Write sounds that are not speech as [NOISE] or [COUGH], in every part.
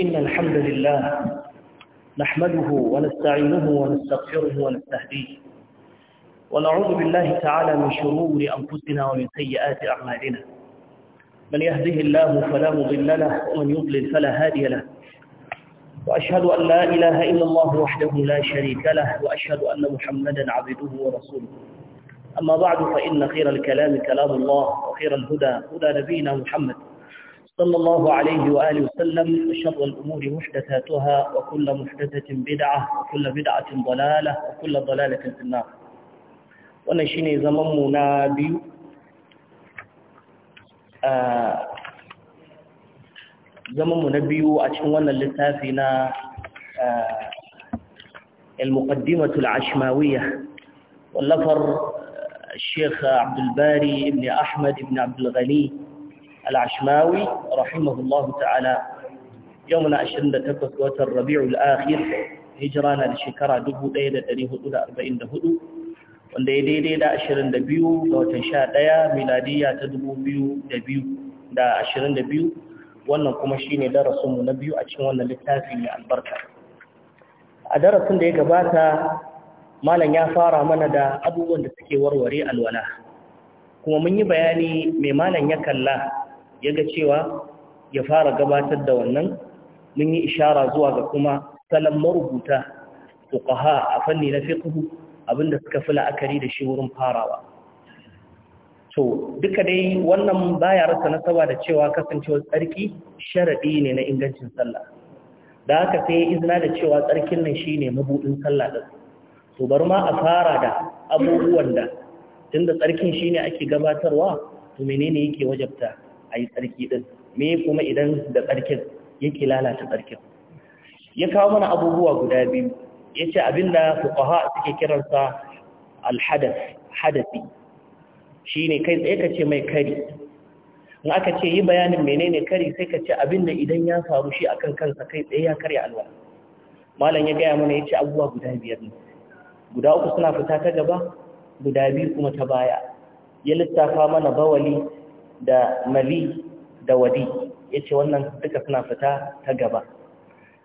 إن الحمد لله نحمده ونستعينه ونستغفره ونستهديه ونعوذ بالله تعالى من شرور أنفسنا ومن سيئات أعمالنا من يهده الله فلا مضل له ومن يضلل فلا هادي له وأشهد أن لا إله إلا الله وحده لا شريك له وأشهد أن محمدا عبده ورسوله أما بعد فإن خير الكلام كلام الله وخير الهدى هدى نبينا محمد صلى الله عليه وآله وسلم شر الأمور محدثاتها وكل محدثة بدعة وكل بدعة ضلالة وكل ضلالة في النار ونشيني زمن منابي آه، زمن منابي أتشوان اللتافنا آه، المقدمة العشماوية واللفر آه، الشيخ عبد الباري بن أحمد بن عبد الغني al-ashmawi rahimahullahu ta'ala yau muna 28 ga watan rabi'ul akhir hijira na da shekara 1444 wanda ya daidai da 22 ga watan 11 miladiya ta 2022 da 22 wannan kuma shine darasinmu na biyu a cikin wannan littafi mai albarka a darasin da ya gabata malam ya fara mana da abubuwan da suke warware alwala kuma mun yi bayani mai malam ya kalla ya ga cewa ya fara gabatar da wannan mun yi ishara zuwa ga kuma salon marubuta fuqaha a fanni na fiqhu abinda suka fi la'akari da shi wurin farawa to duka dai wannan baya rasa nasaba da cewa kasancewar tsarki sharaɗi ne na ingancin sallah da aka sai izina da cewa tsarkin nan shine mabudin sallah din to bar ma a fara da abubuwan da tunda tsarkin shine ake gabatarwa to menene yake wajabta a yi tsarki ɗin me kuma idan da tsarkin yake lalata tsarkin ya kawo mana abubuwa guda biyu ya ce da fuqaha suke kiransa alhadas hadasi shi ne kai tsaye ka ce mai kari in aka ce yi bayanin menene kari sai ka ce abinda idan ya faru shi akan kansa kai tsaye ya karya Allah? malam ya gaya mana ya ce abubuwa guda biyar ne guda uku suna fita ta gaba guda biyu kuma ta baya ya lissafa mana bawali da mali da wadi yace wannan duka suna fita ta gaba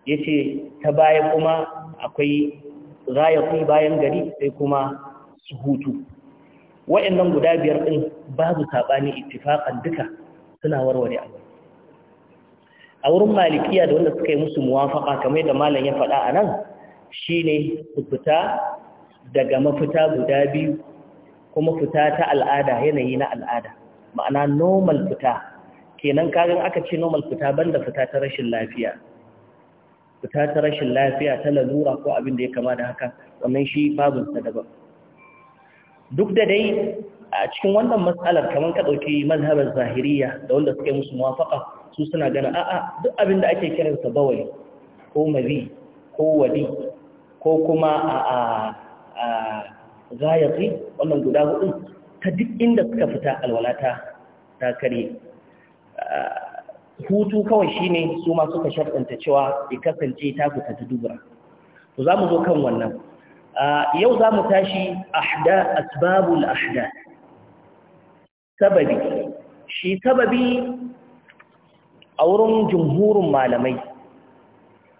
yace ta baya kuma akwai rayakun bayan gari sai kuma su hutu wa'annan guda biyar ɗin babu sabani ittifaqan duka suna warware abu a wurin malikiya da wanda suka yi musu muwafaka kamar da malam ya faɗa anan shine su fita daga mafita guda biyu kuma fita ta al'ada yanayi na al'ada ma'ana normal fita kenan kagan aka ce normal fita banda fita ta rashin lafiya fita ta rashin lafiya ta lalura ko abin da ya kama da haka wannan shi babinsa daban duk da dai a cikin wannan matsalar kamar ka ɗauki mazhabar zahiriya da wanda suka yi musu muwafaka su suna gana a'a duk abin da ake kiransa bawai, ko mazi ko wadi ko kuma a gayatsi wannan guda hudu ta duk inda suka fita alwalata ta kare hutu kawai shine su ma suka sharɗanta cewa ya kasance ta fita ta dubura to za mu zo kan wannan yau za mu tashi ahda asbabul ahda sababi shi sababi a wurin jumhurin malamai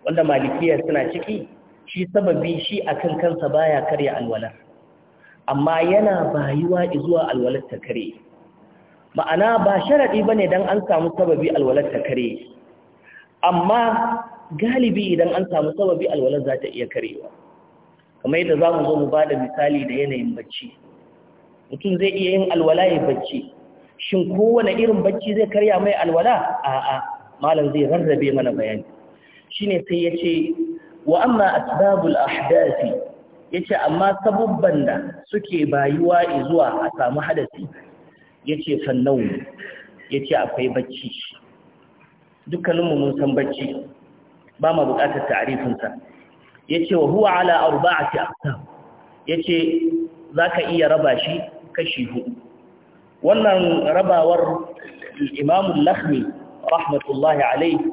wanda malikiyar suna ciki shi sababi shi a kan kansa baya karya alwalar amma yana bayuwa zuwa alwalar ta kare ma'ana ba sharaɗi ba ne don an samu sababi alwalar ta kare amma galibi idan an samu sababi alwalar za ta iya karewa kamar yadda za mu zo mu ba da misali da yanayin bacci mutum zai iya yin alwala ya bacci shin kowane irin bacci zai karya mai alwala a'a malam zai rarrabe mana bayani shine sai ya ce wa amma asbabul ahdathi yace amma sabubban da suke bayuwa zuwa a samu hadasi yace fannau yace akwai bacci dukkaninmu mun san bacci ba ma buƙatar ta'arifin sa yace wa huwa ala arba'ati aqsam yace zaka iya raba shi kashi hudu wannan rabawar al lahmi al-lakhmi rahmatullahi alayhi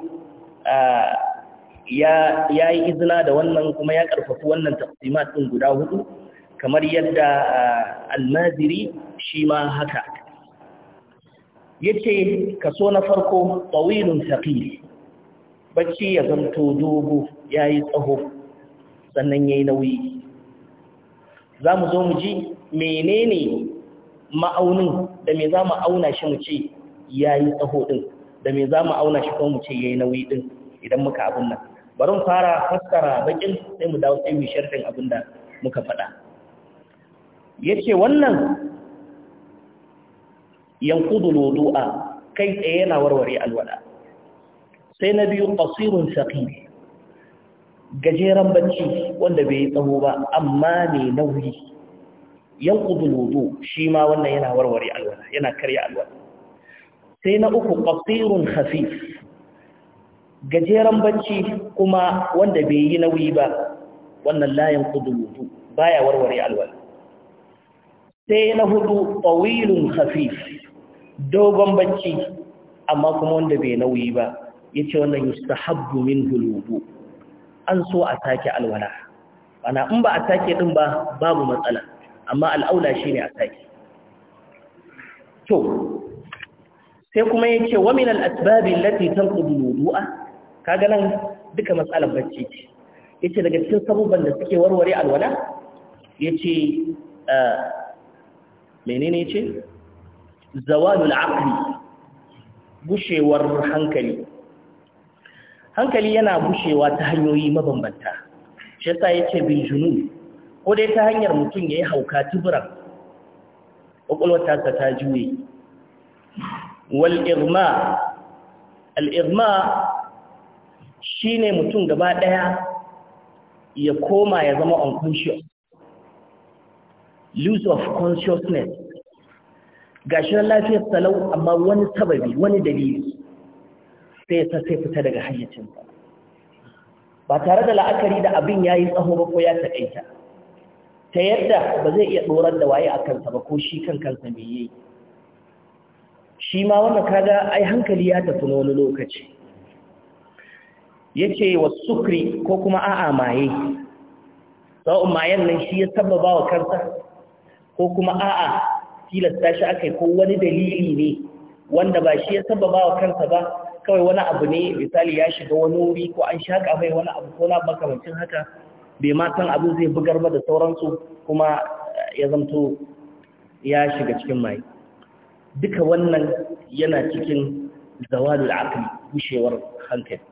ah, ya yi izina da wannan kuma ya ƙarfafi wannan taqsimat din guda hudu kamar yadda ah, almaziri shi ma haka yace kaso na farko tawilun thaqil bacci ya zanto dogo yayi tsaho sannan yayi nauyi zamu zo mu ji menene ma'aunin da me zamu auna shi mu ce yayi tsaho din da me zamu auna shi ko mu ce yayi nauyi din idan muka abun nan bari mu fara fassara bakin sai mu dawo sai mu sharhin abin da muka faɗa yace wannan yanqudu wudu'a kai tsaye yana warware alwada. sai na biyu qasirun saqil gajeren bacci wanda bai yi tsawo ba amma ne nauyi yanqudu wudu shi ma wannan yana warware alwada, yana karya alwada. sai na uku qasirun khafif gajeren bacci kuma wanda bai yi nauyi ba wannan layin kudurutu baya warware alwala sai na hudu tawilun khafif dogon bacci amma kuma wanda bai nauyi ba yace wannan yustahabbu min hulubu an so a sake alwala ana in ba a take din ba babu matsala amma al'aula shine a take to sai kuma yace wa min al-asbabi allati tanqudu al-wudu'a kaga nan duka matsalar bacci ce yace daga cikin sabubban da suke warware alwala yace eh, menene yace zawalul aqli gushewar hankali hankali yana gushewa ta hanyoyi mabambanta shi yasa yace bil junun ko dai ta hanyar mutum ya yi hauka tuburan kwakwalwar ta juye wal irma al irma Shi ne mutum gaba ɗaya ya koma ya zama unconscious lose of consciousness gashi na lafiyar salau amma wani sababi wani dalili sai ta sai fita daga hayyacinsa ba tare da la'akari da abin ya yi tsaho ba ko ya taƙaita ta yadda ba zai iya ɗorar da waye a kansa ba ko shi kan kansa mai yi shi ma wannan kaga ai hankali ya tafi na wani lokaci yace wa sukri ko kuma a'a maye sawun mayan nan shi ya sababa wa kansa ko kuma a'a tilasta shi akai ko wani dalili ne wanda ba shi ya sababa wa kansa ba kawai wani abu ne misali ya shiga wani wuri ko an shaka mai wani abu ko na makamancin haka bai ma san abin zai bugar ba da sauransu kuma ya zamto ya shiga cikin maye duka wannan yana cikin zawalul aqli bushewar hankali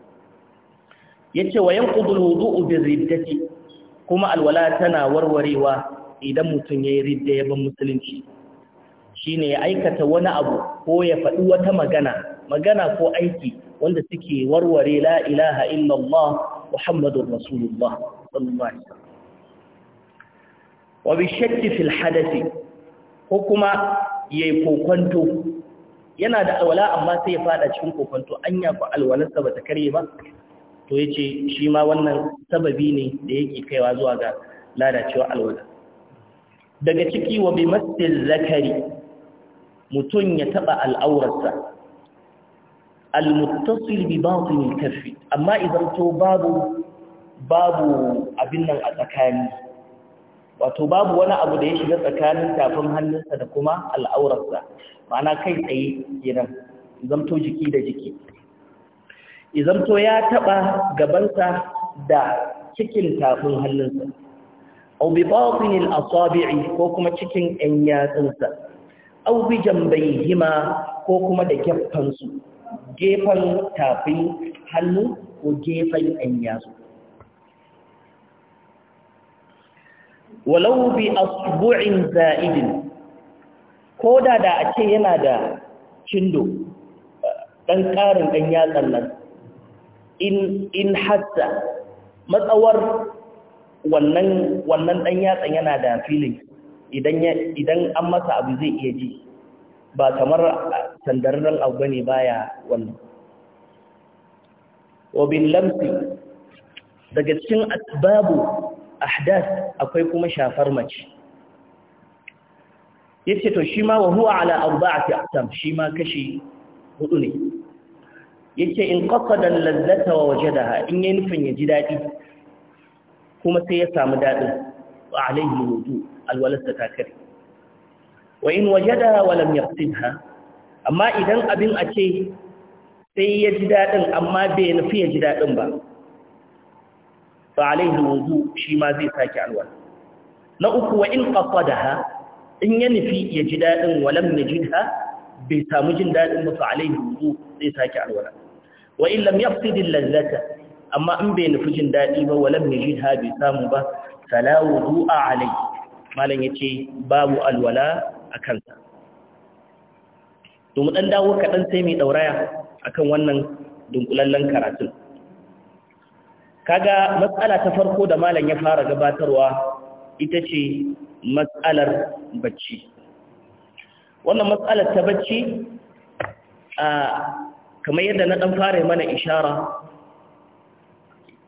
Ya ce wa yanqudu alwudu'u birriddati kuma alwala tana warwarewa idan mutum yayi ridda ya ban musulunci shine ya aikata wani abu ko ya faɗi wata magana magana ko aiki wanda suke warware la ilaha illallah muhammadur rasulullah sallallahu alaihi wasallam wa fil ko kuma yayi kokonto yana da alwala amma sai ya fada cikin kokonto anya ko alwalarsa bata kare ba to ce shi ma wannan sababi ne da yake kaiwa zuwa ga lalacewa alwala daga ciki wa bi masjid zakari mutun ya taba al'aurarsa al-muttasil bi batin al amma idan to babu babu abin nan a tsakani wato babu wani abu da ya shiga tsakanin tafin hannunsa da kuma al'aurarsa ma'ana kai tsaye kenan zamto jiki da jiki izamto ya taɓa gabansa da cikin tafin hannunsa au bi batinil asabi'i ko kuma cikin ɗan yatsunsa au bi jambayhima ko kuma da gefansu gefan tafin hannu ko gefan ɗan yatsu walau bi asbu'in za'idin ko da da a ce yana da cindo ɗan ƙarin ɗan yatsan nan in in hatta matsawar wannan wannan dan yatsan yana da feeling idan idan an masa abu zai iya ji ba kamar sandarran abu bane baya wannan wabin lamsi daga cikin asbabu ahdath akwai kuma shafar mace yace to shi ma wa huwa ala arba'ati aqsam shi ma kashi hudu ne yace in qasada al-lazzata wa wajadaha in yayin nufin ya ji dadi kuma sai ya samu dadin wa alayhi wudu ta takari wa in wajadaha wa lam yaqsidha amma idan abin a ce sai ya ji dadin amma bai nufi ya ji dadin ba fa alayhi wudu shi ma zai saki alwala na uku wa in qasadaha in ya nufi ya ji dadin wa lam yajidha bai samu jin dadin ba fa alayhi wudu zai saki alwala wa in lam yafsid al-lazzata amma in bai nufi jin dadi ba walam yajidha bi samu ba fala wudu'a alai malam yace babu alwala akan sa to mu dan dawo kadan sai mai dauraya akan wannan dunkulallen karatu kaga matsala ta farko da malam ya fara gabatarwa ita ce matsalar bacci wannan matsalar ta bacci a kamar yadda na ɗan fara mana ishara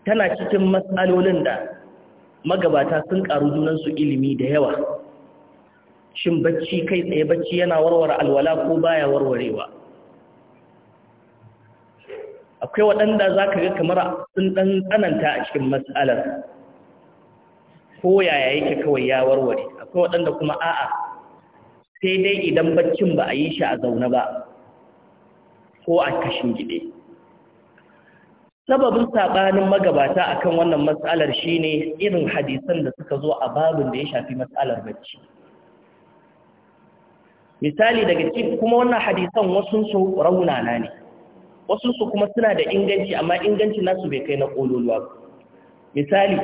tana cikin matsalolin da magabata sun ƙaru junansu ilimi da yawa shin bacci kai tsaye bacci yana warware alwala ko baya warwarewa akwai waɗanda za ka ga kamar sun ɗan tsananta a cikin matsalar ko yaya yake kawai ya warware akwai waɗanda kuma a'a sai dai idan baccin ba a yi shi a zaune ba ko a kashin gide sababin saɓanin magabata a kan wannan matsalar shi ne irin hadisan da suka zo a babin da ya shafi matsalar bacci misali daga cikin kuma wannan hadisan wasunsu raunana ne wasunsu kuma suna da inganci amma inganci nasu bai kai na ƙololuwa ba misali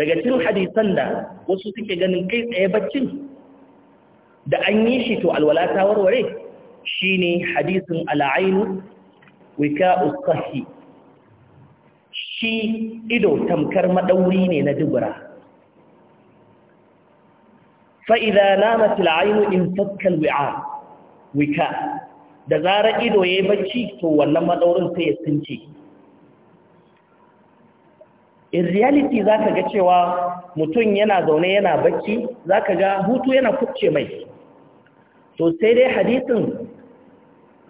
daga cikin hadisan da wasu suke ganin kai tsaye baccin da an yi shi to alwala ta warware shine hadisin al'ainu wika usahi shi ido tamkar madauri ne na dubura fa idza namat al'ainu in fakka wika da zarar ido yayi bacci to wannan madaurin sai ya tsince in reality zaka ga cewa mutum yana zaune yana bacci zaka ga hutu yana kubce mai to sai dai hadisin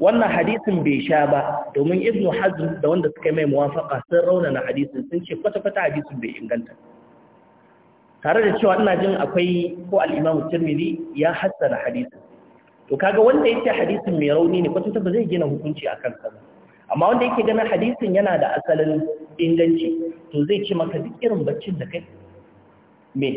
wannan hadisin bai sha ba domin ibnu hazm da wanda suka mai muwafaka sun raunana hadisin sun ce kwata-kwata hadisin bai inganta tare da cewa ina jin akwai ko al-imamu tirmidhi ya hassana hadisin to kaga wanda yake hadisin mai rauni ne kwata-kwata ba zai gina hukunci akan sa ba amma wanda yake ganin hadisin yana da asalin inganci to zai ce maka duk irin baccin da kai me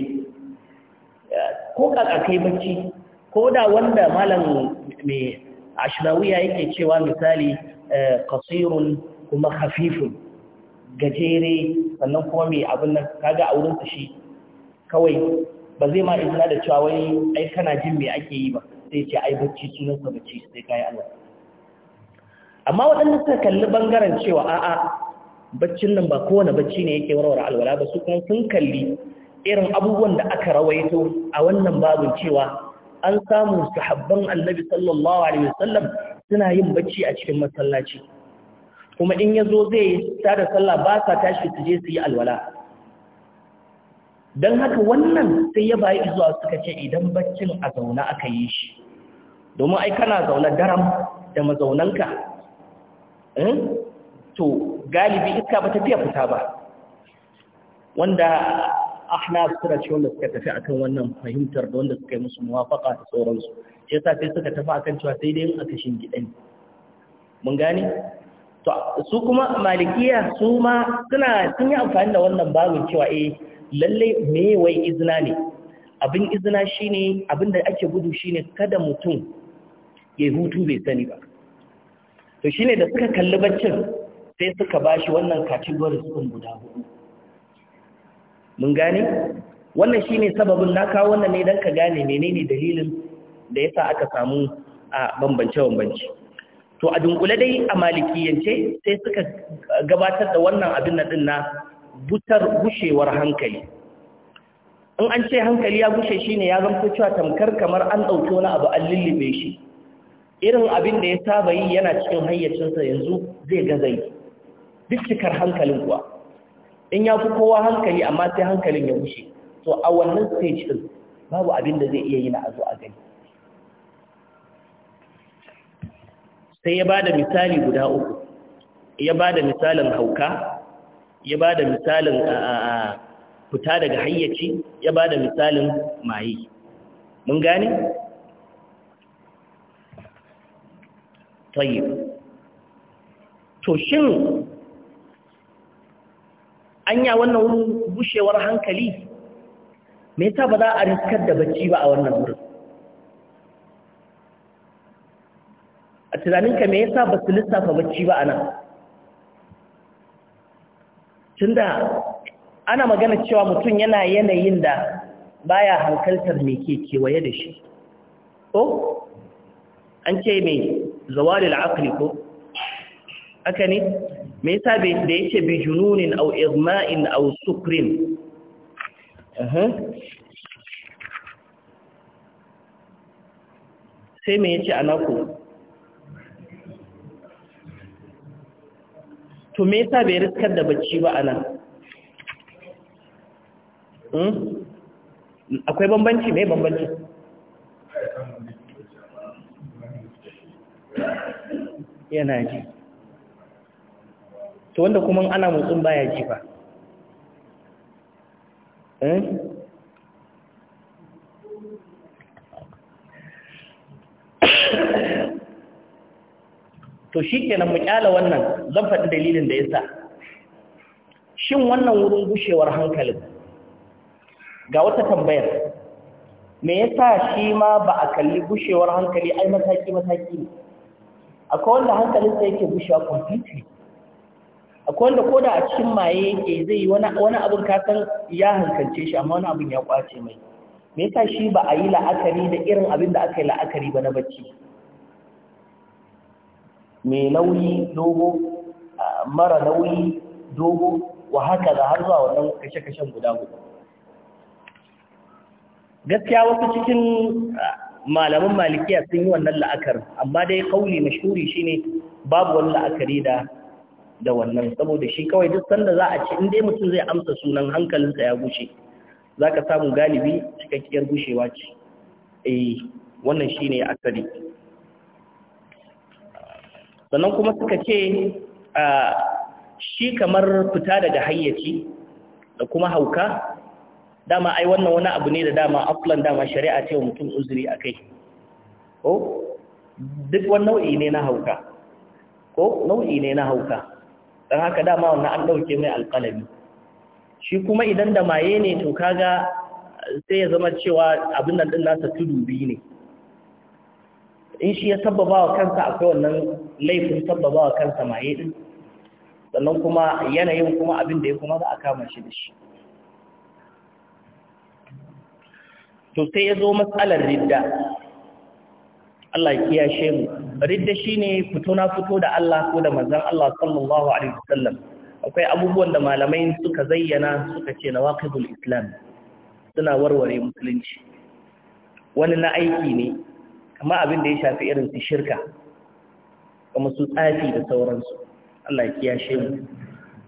ko kaka kai bacci ko da wanda malam mai ashlawiya yake cewa misali eh, qasirun kuma khafifun gajere sannan kuma mai abin nan kaga a wurin shi kawai ba zai ma izina da cewa wani ai kana jin me ake yi ba sai ce ai bacci sunan sa bacci sai kai Allah amma waɗanda suka kalli bangaren cewa a'a baccin nan ba kowane bacci ne yake warware alwala ba su kuma sun kalli irin abubuwan da aka rawaito a wannan babin cewa an samu sahabban annabi sallallahu alaihi wasallam suna yin bacci a cikin masallaci kuma in ya zo zai ta da sallah ba sa tashi su je su yi alwala dan haka wannan sai ya bayi zuwa suka ce idan baccin a zauna aka yi shi domin ai kana zauna daram da mazaunanka eh? to galibi iska ba ta fita ba wanda ahnaf suka ce wanda suka tafi akan wannan fahimtar da wanda suka yi musu muwafaka da sauransu shi yasa sai suka tafi akan cewa sai dai aka shingide ne mun gane to su kuma malikiya su ma suna sun yi amfani da wannan babin cewa eh lalle me wai izina ne abin izina shine abin da ake gudu shine kada mutum ya hutu bai sani ba to shine da suka kalli baccin sai suka bashi wannan category sun guda hudu mun gane wannan shine sababin na kawo wannan ne dan ka gane menene dalilin da yasa aka samu a bambance bambance to a dunkule dai a malikiyance sai suka gabatar da wannan abin na din na butar gushewar hankali in an ce hankali ya gushe shine ya zanto cewa tamkar kamar an dauke wani abu an lullube shi irin abin da ya saba yi yana cikin hayyacinsa yanzu zai gazai duk cikar hankalin kuwa in ya fi kowa hankali amma sai hankalin ya wuce to a wannan stage din babu abin da zai iya yi na azu a gani sai ya bada misali guda uku ya bada misalin hauka ya bada misalin fita daga hayyaci ya bada misalin maye mun gane tayyib to shin anya wannan wurin bushewar hankali me yasa ba za a riskar da bacci ba a wannan wurin a tunaninka me yasa ba su lissafa bacci ba a nan tunda ana magana cewa mutum yana yanayin da baya hankaltar me ke kewaye da shi ko an ce mai zawalil aqli ko haka ne me yasa bai da yake bi jununin au igma'in au sukrin sai me yace anako to me yasa bai riskar da bacci ba anan hmm? akwai bambanci mai bambanci yana ji to wanda kuma ana motsin baya ji eh? [COUGHS] to shi kenan mu kyala wannan zan faɗi dalilin da ya sa shin wannan wurin gushewar hankalin ga wata tambayar me yasa shi ma ba a kalli gushewar hankali ai mataki-mataki ne akwai wanda hankalinsa yake gushewa completely akwai wanda ko da a cikin maye yake zai yi wani abin kasan ya hankalce shi amma wani abin ya kwace mai me yasa shi ba a yi la'akari da irin abin da aka yi la'akari ba na bacci mai nauyi dogo mara nauyi dogo wa haka da har zuwa wannan kashe-kashen guda guda gaskiya wasu cikin malaman malikiya sun yi wannan la'akar amma dai kauli mashuri shine babu wani la'akari da da wannan saboda shi kawai duk sanda za a ci in dai mutum zai amsa sunan hankalinsa ya gushe za ka samu galibi cikakkiyar gushewa ce eh wannan shi ne asali sannan kuma suka ce shi kamar fita daga hayyaci da kuma hauka dama ai wannan wani abu ne da dama aflan dama shari'a ce wa mutum uzuri a kai ko duk wani nau'i ne na hauka ko nau'i ne na hauka Dan haka dama wannan an ɗauke mai alƙalami shi kuma idan da maye ne to kaga sai ya zama cewa abin nan ɗin nasa tudu biyu ne in shi ya sabbaba wa kansa akwai wannan laifin sababa wa kansa maye ɗin sannan kuma yanayin kuma abin da ya kuma za a kama shi da shi to sai ya zo matsalar ridda Allah ya kiyashe mu shi ne fito na fito da Allah ko da manzon Allah sallallahu alaihi wasallam akwai abubuwan da malamai suka zayyana suka ce na waqibul islam suna warware musulunci wani na aiki ne kama abin da ya shafi irin su shirka kuma su tsafi da sauransu Allah ya kiyashe mu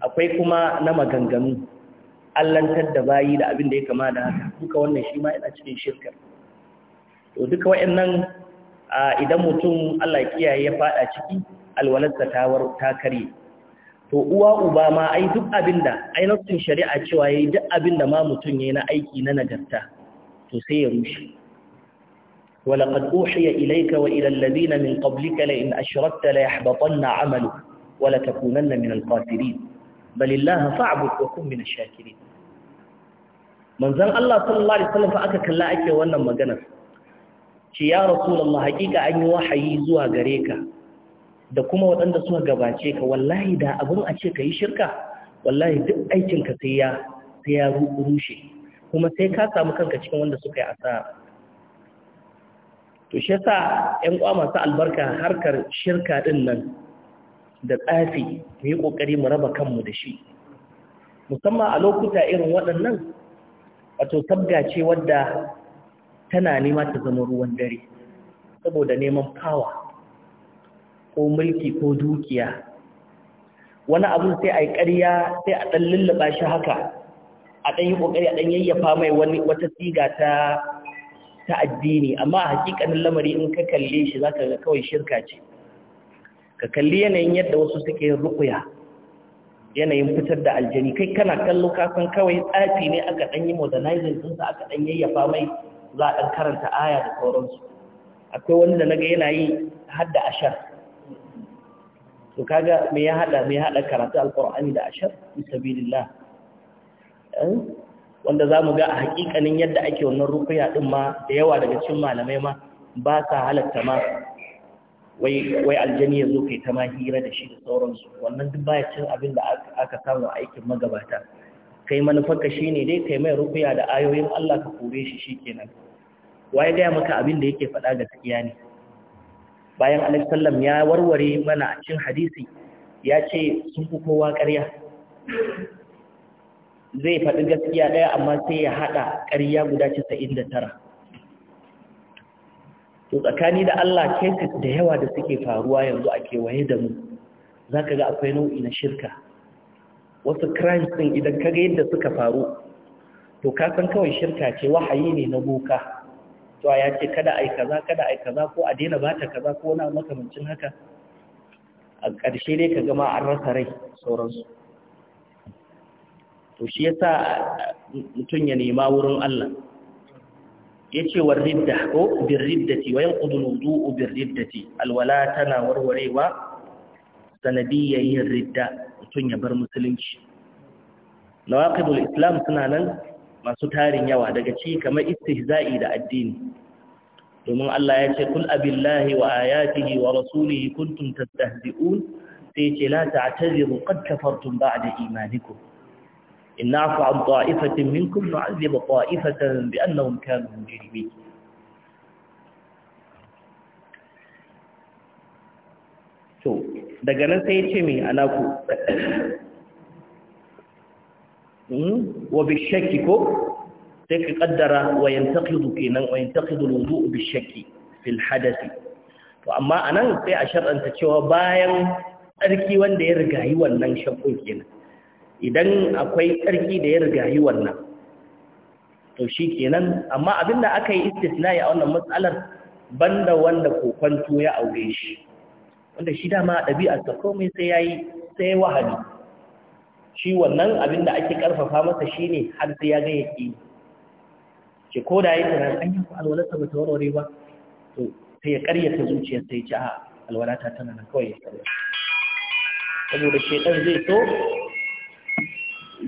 akwai kuma na maganganu allantar da bayi da abin da ya kama da haka duka wannan shi ma yana cikin shirka to duka wayannan idan mutum Allah kiyaye ya fada ciki alwalarsa ta kare to uwa uba ma ai duk abinda ainihin shari'a cewa yayi duk abinda ma mutum yayi na aiki na nagarta to sai ya rushe ولقد أوحي إليك وإلى الذين من قبلك لئن أشركت ليحبطن عملك ولتكونن من الخاسرين بل الله فاعبد وكن من الشاكرين manzon Allah sallallahu alaihi wasallam fa aka kalla ake wannan maganar ce ya rasulullah hakika an yi wahayi zuwa gare ka da kuma waɗanda suka gabace ka wallahi da abin a ce ka yi shirka wallahi duk aikinka sai ya sai ya rushe kuma sai ka samu kanka cikin wanda suka yi asara to shi yasa ƴan uwa masu albarka harkar shirka din nan da tsafi mu yi kokari mu raba kanmu da shi musamman a lokuta irin waɗannan wato sabga ce wadda tana nema ta zama ruwan dare saboda neman fawa ko mulki ko dukiya wani abu sai a yi ƙarya sai a ɗan lullaba shi haka a ɗan yi ƙoƙari a ɗan yayyafa mai wata siga ta ta addini amma a haƙiƙanin lamari in ka kalle shi za ka ga kawai shirka ce ka kalli yanayin yadda wasu suke yin rukuya yanayin fitar da aljani kai kana kallo kasan kawai tsafi ne aka ɗan yi modernizing ɗinsa aka ɗan yayyafa mai za a ɗan karanta aya da sauransu akwai wani da naga yana yi hadda ashar to kaga me ya hada me ya hada karatu alqur'ani da ashar bi sabilillah eh? wanda zamu ga a hakikanin yadda ake wannan rukuya din ma da yawa daga cikin malamai ma ba sa halatta ma wai wai aljani yazo kai ta ma hira da shi da sauransu wannan duk baya cin abin da aka samu aikin magabata kai manufarka shi ne dai kai mai rukuya da ayoyin Allah ka kore shi shi kenan waye gaya maka abin da yake faɗa ga tsakiya ne bayan Sallam ya warware mana a cikin hadisi ya ce sun fi kowa ƙarya zai faɗi gaskiya ɗaya amma sai ya haɗa ƙarya guda casa'in da tara to tsakani da Allah cases da yawa da suke faruwa yanzu a kewaye da mu za ka ga akwai nau'i na shirka wasu crimes ɗin idan kaga yadda suka faru to ka san kawai shirka ce wahayi ne na boka to ya ce kada ai kaza kada ai kaza ko a daina bata kaza ko wani makamancin haka a ƙarshe dai ka gama an rasa rai sauransu to shi yasa mutum ya nema wurin Allah ya ce wa ridda ko bin riddati wa yanqudu al-wudu'u bin riddati alwala tana warwarewa sanadiyyar ridda mutum ya bar musulunci lawaqidul islam suna nan masu tarin yawa daga ci kamar istihza'i da addini domin Allah ya ce kul abillahi wa ayatihi wa rasulihi kuntum tastahzi'un sai ce la ta'tadiru qad kafartum ba'da imanikum in na'fu an ta'ifatin minkum nu'adhib ta'ifatan bi annahum kanu mujrimin daga nan sai ya ce mai alaku hmm? wa bishaki ko sai ka kaddara wa yantaqidu kenan wa yantaqidu alwudu bishaki fil hadathi to amma anan sai a shar'anta cewa bayan tsarki wanda ya rigayi wannan shakkun kenan idan akwai tsarki da ya rigayi wannan to shi kenan amma abinda aka yi istisnai a wannan matsalar banda wanda kokwanto ya aure shi wanda shi dama ta komai sai ya yi sai wahali shi wannan abin da ake ƙarfafa masa shi ne har sai ya ga ya ƙi ke ko da ya yi an yi alwalarsa ba ta warware ba to sai ya ƙaryata zuciyar sai ci a alwalata tana nan kawai ya sarwa saboda shekar zai so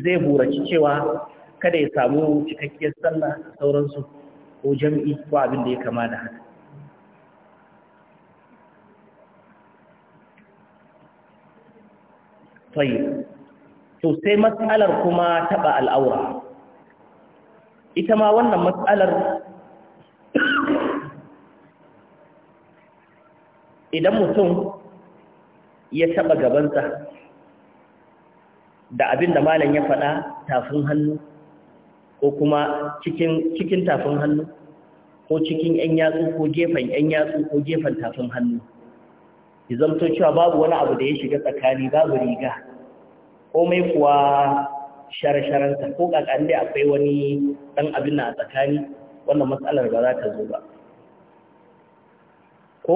zai buraci cewa kada ya samu cikakkiyar sallah sauransu ko jam'i ko abin da ya kama da haka tayyib to sai matsalar kuma taɓa al'aura ita ma wannan matsalar idan mutum ya taba gabansa da abin da malam ya faɗa tafin hannu ko kuma cikin tafin hannu ko cikin 'yan yatsu ko gefen 'yan yatsu ko gefen tafin hannu ki zanto cewa babu wani abu da ya shiga tsakani babu riga komai kuwa share-sharensa ko kakan dai akwai wani dan abin na a tsakani wannan matsalar ba za ta zo ba ko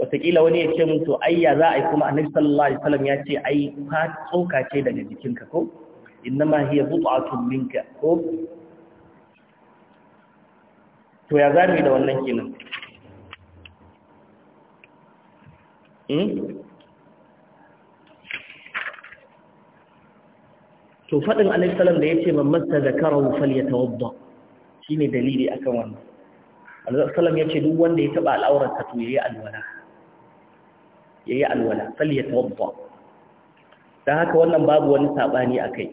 wataƙila wani ya ce mutu ayya za a yi kuma annabi sallallahu alaihi wasallam ya ce ai fa tsoka ce daga jikinka ko innama hiya but'atun minka ko to ya zame da wannan kenan Hmm? to faɗin alaihissalam da ya ce mamasta da karawu fal ya tawadda shi ne dalili akan wannan alaihissalam ya ce duk wanda ya taɓa al'aurarsa to ya yi alwala ya yi alwala fal ya tawadda don haka wannan babu wani saɓani a kai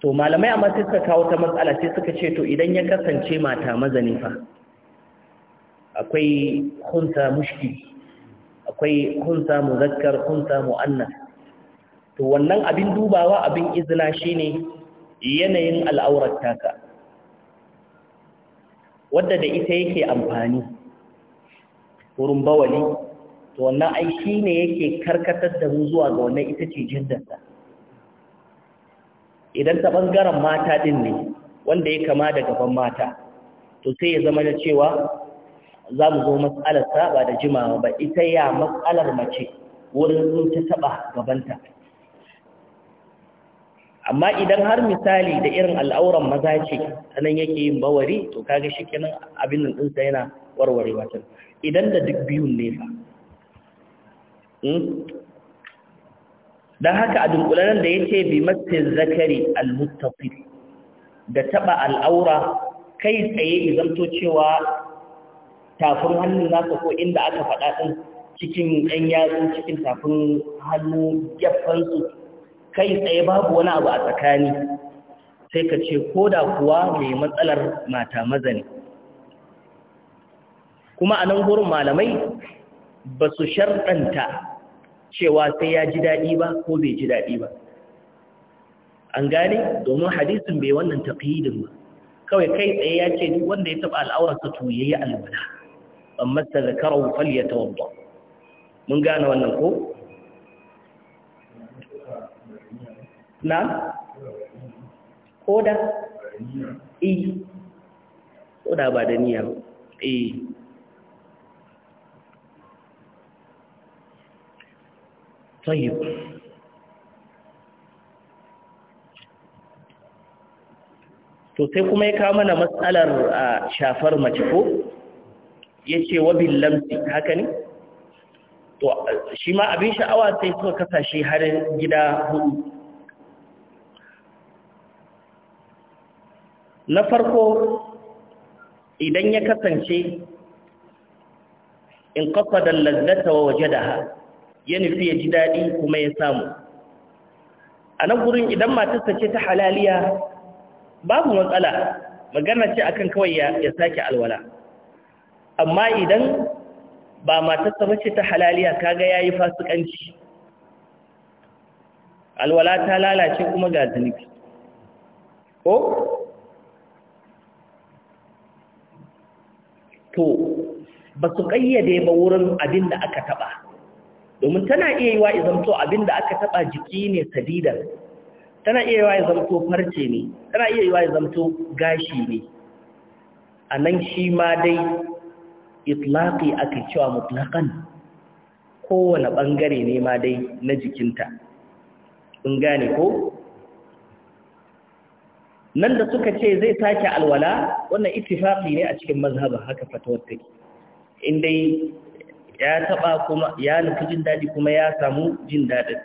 to malamai amma sai suka kawo ta matsala sai suka ce to idan ya kasance mata maza ne fa akwai hunta mushkili akwai kunsa muzakkar kunsa mu'annas to wannan abin dubawa abin izina shine yanayin al'aurar taka wadda da ita yake amfani wurin bawali to wannan ai shine yake karkatar da mu zuwa ga wannan ita ce jiddarsa idan ta bangaren mata din ne wanda ya kama da gaban mata to sai ya zama da cewa za mu zo matsalarsa ba da jimawa ba ita ya matsalar mace wurin sun ta taɓa gabanta amma idan har misali da irin al'auran maza ce sanan yake yin bawari to kaga shi kenan abin nan dinsa yana warware watan idan da duk biyun ne fa hmm? don haka a dunkulanen da ya ce bi matin zakari al da taba al'aura kai tsaye izamto cewa tafin hannun nasa ko inda aka faɗa ɗin cikin ɗan yatsu cikin tafin hannu gefansu kai tsaye babu wani abu a tsakani sai ka ce ko da kuwa mai matsalar mata maza ne kuma a nan gurin malamai ba su sharɗanta cewa sai ya ji daɗi ba ko bai ji daɗi ba an gane domin hadisin bai wannan taƙidin ba kawai kai tsaye ya ce wanda ya taɓa al'aurarsa to ya yi amma ta zakarahu falyatawadda mun gane wannan ko na koda eh koda ba da niyya ba eh طيب to sai kuma ya kawo mana matsalar shafar mace ko ya ce wabin lamsi haka ne? to shi ma abin sha'awa sai suka kasashe har gida hudu na farko idan ya kasance in kafa da lazzata wa waje da ha, ya nufi ya ji daɗi kuma ya samu a nan gurin idan matarsa ce ta halaliya babu matsala magana ce akan kawai ya sake alwala amma idan ba matarsa ba ce ta halaliya kaga ya yi fasikanci alwala ta lalace kuma ga zunubi ko? to ba su ƙayyade ba wurin abin da aka taɓa domin tana iya yi wa to abin da aka taɓa jiki ne sadidan tana iya yi wa to farce ne tana iya yi wa to gashi ne a nan shi ma dai itlaqi aka cewa mutlaqan kowane bangare ne ma dai na jikinta kun gane ko nan da suka ce zai sake alwala wannan ittifaqi ne a cikin mazhaba haka fatawar take in dai ya taba kuma ya nufi jin daɗi kuma ya samu jin daɗin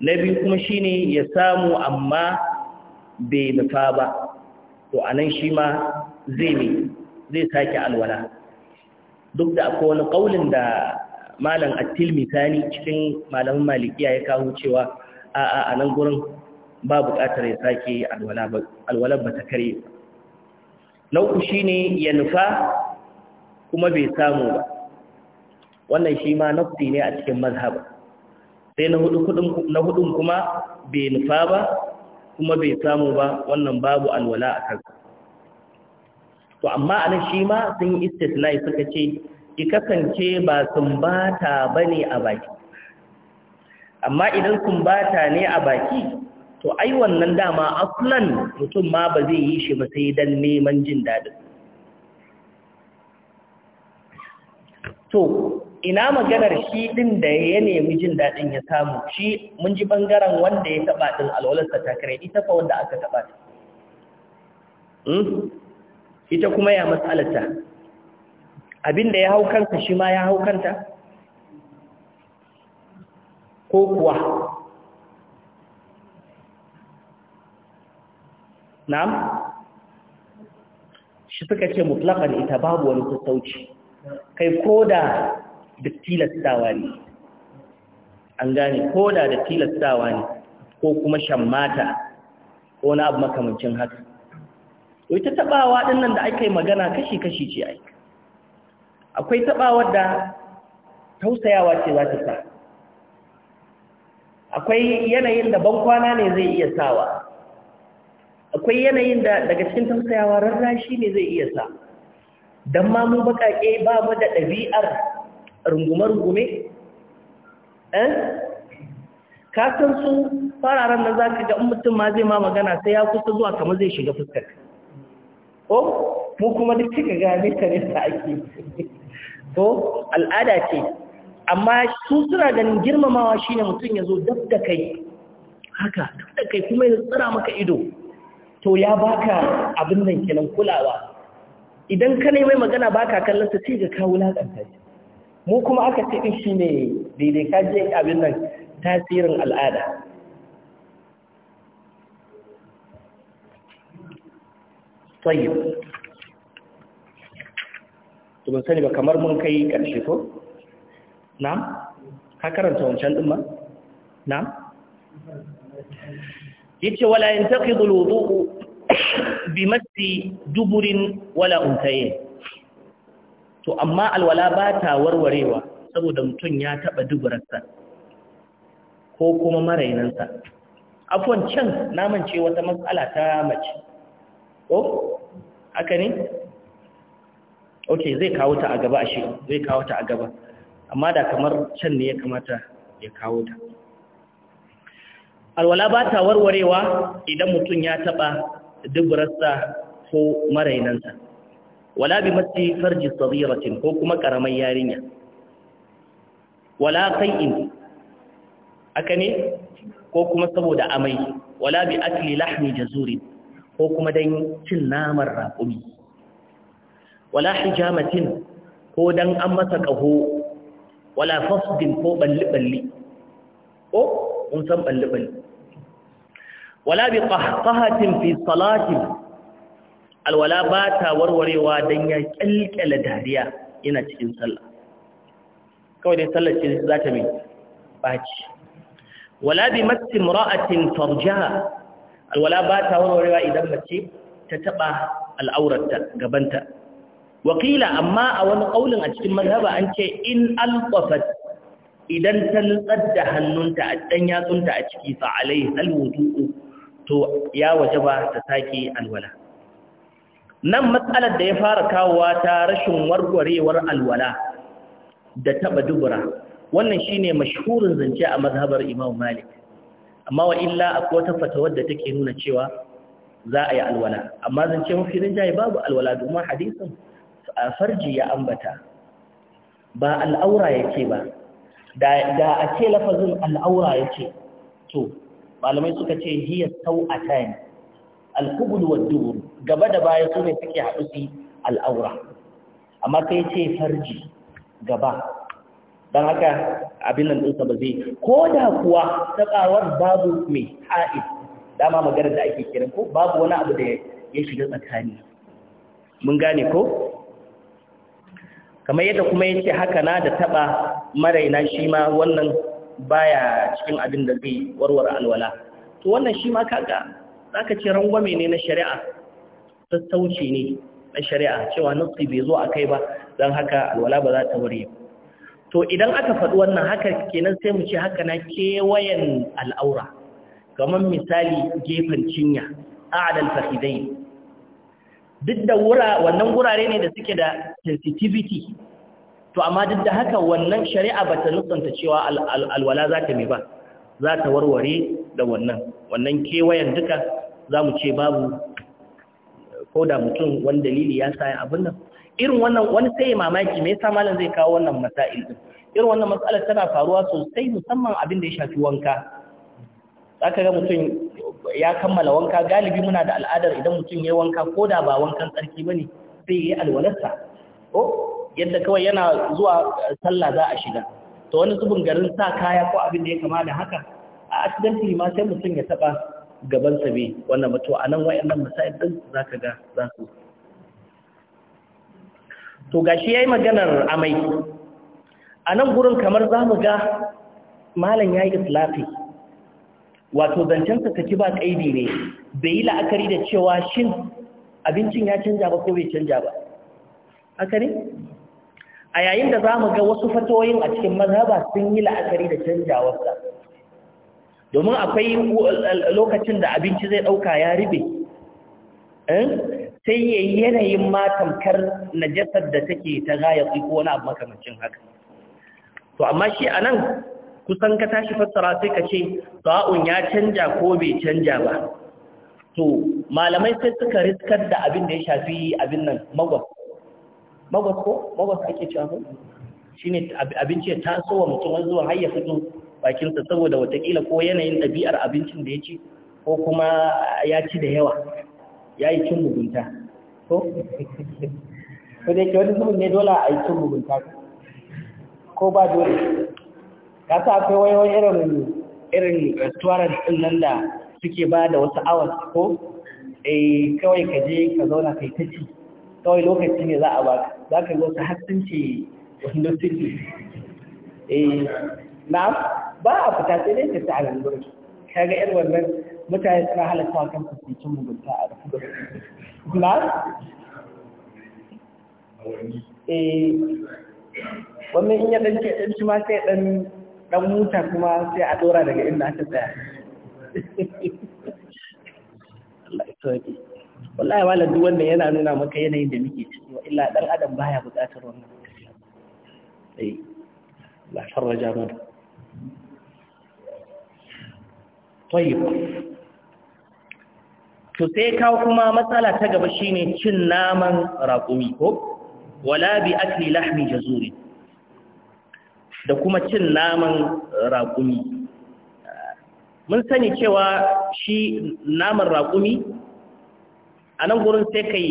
na biyu kuma shine ya samu amma bai nufa ba to anan shi ma zai ne zai take alwala duk da akwai wani kaulin da malam attil misani cikin malamin malikiya ya kawo cewa a a nan gurin ba buƙatar ya sake alwalar ba ta kare na uku shi ne ya nufa kuma bai samu ba wannan shi ma nafsi ne a cikin mazhab sai na hudun kuma bai nufa ba kuma bai samu ba wannan babu alwala a kansu to amma a nan shi ma sun yi istislai suka ce ki kasance ba sumbata ne a baki amma idan sumbata ne a baki to ai wannan dama aflan mutum ma ba zai yi shi ba sai dan neman jin dadin to ina maganar shi ɗin da ya nemi jin daɗin ya samu shi mun ji ɓangaren wanda ya taɓa ɗin alwalarsa ta kare ita fa wanda aka taɓa ta? ita kuma ya matsalarta abinda ya hau kanta shi ma ya hau kanta ko kuwa na'am shi suka ce mutlaƙan ita babu wani sassauci kai ko da da tilastawa ne an gane ko da da tilastawa ne ko kuma shammata ko na abu makamancin haka to ita tabawa din nan da aka yi magana kashi-kashi ce ai akwai tabawa da tausayawa ce za ta sa akwai yanayin da bankwana ne zai iya sawa akwai yanayin da daga cikin tausayawa rarrashi ne zai iya sa don ma mu ke ba mu da ɗabi'ar rungume-rungume eh? ka san su fararen da za ka ga mutum ma zai ma magana sai ya kusa zuwa kamar zai shiga fuskar ko mu kuma duk kika gane ta ne ta ake to al'ada ce amma su suna ganin girmamawa shine mutum ya zo dab da kai haka dab da kai kuma ya tsira maka ido to ya baka abin nan kenan kulawa idan ka mai magana baka kallon sa sai ga kawo lakanta mu kuma aka ce shi shine daidai ka je abin nan tasirin al'ada tsayin tubin sani ba kamar mun kai ƙarshe ko? na? ka karanta wancan ɗin ma? na? yace wala yantaqidu alwudu bi massi duburin wala untaye to amma alwala ba ta warwarewa saboda mutum ya taba duburarsa ko kuma marainansa afwan can naman ce wata matsala ta mace ko haka ne ok zai kawo ta a gaba a shi zai kawo ta a gaba amma da kamar can ne ya kamata ya kawo ta alwala ba ta warwarewa idan mutum ya taɓa dubbarsa ko marainansa wala bi matsi farji tsaziratin ko kuma karamar yarinya wala in aka ne ko kuma saboda amai wala bi akli lahmi jazurin ko kuma don cin namar raƙumi wala hijamatin ko don an masa ƙaho wala fasdin ko balli-balli ko mun san balli-balli wala bi qahqahatin fi salatin alwala ba ta warwarewa don ya kyalkyala dariya yana cikin sallah kawai dai sallah ce za ta mai baci wala bi mastimra'atin farjaha alwala ba ta warwarewa idan mace ta taɓa al'aurarta gabanta wakila amma a wani ƙaunin a cikin mazhaba an ce in alqafat idan ta nutsar da hannunta a dan yatsunta a ciki fa alaihi alwudu to ya ba ta sake alwala nan matsalar da ya fara kawowa ta rashin warwarewar alwala da taɓa dubura wannan shine mashhurin zance a mazhabar Imam Malik amma wa illa akwai wata fatawar da take nuna cewa za a yi alwala amma zan ce mafi rinjaye babu alwala domin hadisin a farji ya ambata ba al'aura yake ba da a ce lafazin al'aura yake to malamai suka ce hiya sau a qubul wa dubur gaba da baya su ne suke haɗu al'aura amma kai ce farji gaba don haka abin nan ɗinsa ba zai ko da kuwa taɓawar babu mai ha'id dama magana da ake kiran ko babu wani abu da ya shiga tsakani mun gane ko kamar yadda kuma ya ce haka na da taɓa maraina shi ma wannan baya cikin abin da zai warware alwala to wannan shi ma kaga za ka ce rangwame ne na shari'a sassauci ne na shari'a cewa nufi bai zo a kai ba don haka alwala ba za ta ware ba to idan aka faɗi wannan haka kenan sai mu ce haka na kewayen al'aura kamar misali gefen cinya a'adal fahidai duk da wannan wurare ne da suke da sensitivity to amma duk da haka wannan shari'a ba ta nutsanta cewa alwala za ta mai ba za ta warware da wannan wannan kewayen duka za mu ce babu ko da mutum wani dalili ya sa abin nan irin wannan wani sai mamaki me yasa malam zai kawo wannan masail din irin wannan matsalar tana faruwa sosai musamman abin da ya shafi wanka zaka ga mutum ya kammala wanka galibi muna da al'adar idan mutum ya wanka ko da ba wankan tsarki bane sai ya yi alwalarsa ko yadda kawai yana zuwa sallah za a shiga to wani zubin garin sa kaya ko abin da ya kama da haka a accidentally ma sai mutum ya taba gaban sa wannan mutuwa anan wayannan masail din zaka ga za su to ga ya yayi maganar amai a nan gurin kamar za mu ga malam ya yi islafi wato zancensa saki ba ƙaidi ne bai yi la'akari da cewa shin abincin ya canja ba ko bai canja ba haka ne a yayin da za mu ga wasu fatoyin a cikin mazhaba sun yi la'akari da canjawarsa domin akwai uh, uh, lokacin da abinci zai ɗauka ya ribe eh? sai ya yi yanayin matamkar na najasar da take ta gaya ko wani abu makamancin haka to amma shi a nan kusan ka tashi fassara sai ka ce sa'un ya canja ko bai canja ba to malamai sai suka riskar da abin da ya shafi abin nan magwas magwas ko magwas ake cewa ko shine abinci ya taso wa mutum wanzu zuwa hayyar fito bakinsa saboda watakila ko yanayin ɗabi'ar abincin da ya ci ko kuma ya ci da yawa ya yi cin mugunta ko ko da yake wani zubin ne dole a yi cin mugunta ko ba dole ka sa akwai wayoyin irin irin restaurant din nan da suke ba da wasu awas ko eh kawai ka je ka zauna kai ta ci kawai lokaci ne za a ba za ka yi wasu hassanci wanda suke eh na ba a fita sai dai ka ci a nan gurin ga irin wannan mutane suna halatta kan su cin mugunta a rufe glass eh wannan in ya ɗan ke ɗan shi ma sai ɗan ɗan muta kuma sai a ɗora daga inda aka tsaya Allah ya sauke wallahi wala duk wannan yana nuna maka yanayin da muke ciki wa illa dan adam baya buƙatar wannan eh la farraja mana tayyib to sai kawo kuma matsala ta gaba shine cin naman raƙumi ko wala bi akli lahmi jazuri da kuma cin naman raƙumi mun sani cewa shi naman raƙumi a nan gurin sai kai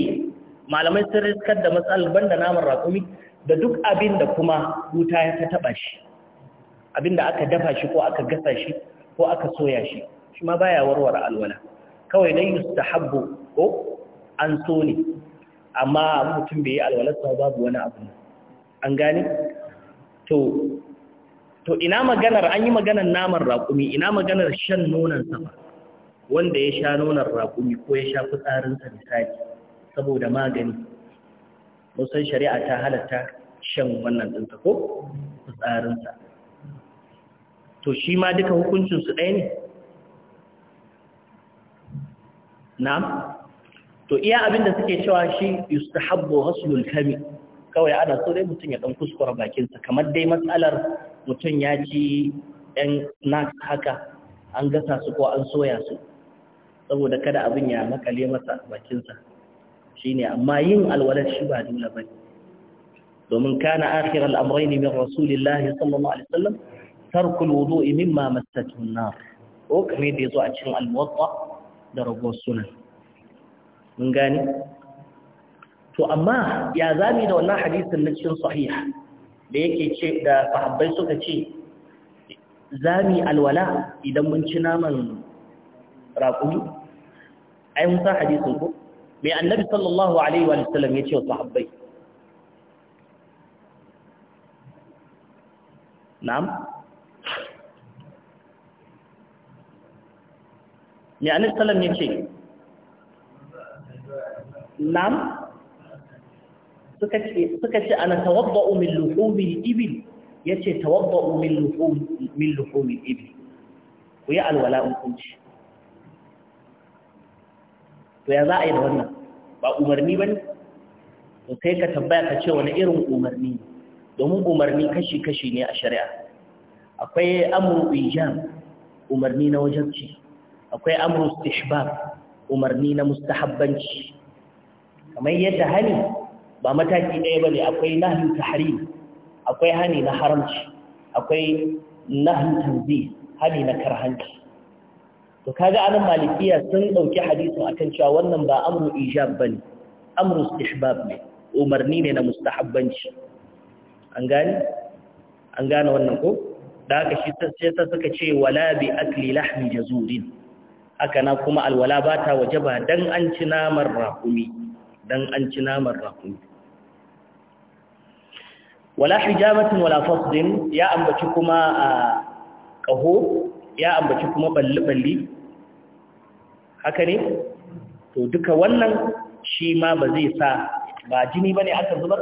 malamai sun riskar da matsalar banda naman raƙumi da duk abin da kuma wuta ya ta taɓa shi abin da aka dafa shi ko aka gasa shi ko aka soya shi shi ma baya warware alwala kawai na yustahabbu ko an so ne amma mutum bai yi alwalarsa babu wani abu an gane to ina maganar an yi maganar naman raƙumi ina maganar shan nonon sama wanda ya sha nonon raƙumi ko ya sha fitsarinsa misali saboda magani musan shari'a ta halatta shan wannan ɗinsa ko fitsarinsa to shi ma duka hukuncinsu ɗaya ne na'am to iya abin da suke cewa shi yustahabbu haslul kami kawai ana so dai mutum ya dan kuskura bakinsa kamar dai matsalar mutum ya ci ɗan snacks haka an gasa su ko an soya su saboda kada abin ya makale masa bakinsa shine amma yin alwalar shi ba dole bane domin kana akhir al-amrayn min rasulillahi sallallahu alaihi wasallam tarkul wudu'i mimma massatun nar ko kamar da yazo a cikin al da rabuwar sunan mun gani to amma ya zami da wannan hadisin na cikin sahiha da yake ce da sahabbai suka ce zami alwala idan mun ci naman raƙumi ai mun san hadisin ko mai annabi sallallahu alaihi wa sallam ya ce wa sahabbai na'am me annabi ya ce nam suka ce suka ce ana tawadda'u min luhumil ibil ya ce min luhum min ibil ku yi alwala in kun to ya za a yi da wannan ba umarni bane to sai ka tabbaya ka ce wani irin umarni domin umarni kashi-kashi ne a shari'a akwai amuru ijam umarni na wajen wajabci akwai amru istihbab umarni na mustahabbanci kamar yadda hani ba mataki ɗaya bane akwai nahyu tahrim akwai hani na haramci akwai nahyu tanzih hani na karhanci to kaga anan malikiya sun dauki hadisin akan cewa wannan ba amru ijab bane amru istihbab ne umarni ne na mustahabbanci an gane an gane wannan ko da haka shi sai ta suka ce wala bi akli lahmi jazurin haka na kuma alwala ba ta waje ba don an ci namar rakumi don an ci namar rahumi wala hijabatin wala fasdin ya ambaci kuma a ƙaho ya ambaci kuma balli-balli haka ne to duka wannan shi ma ba zai sa ba jini ba ne aka zubar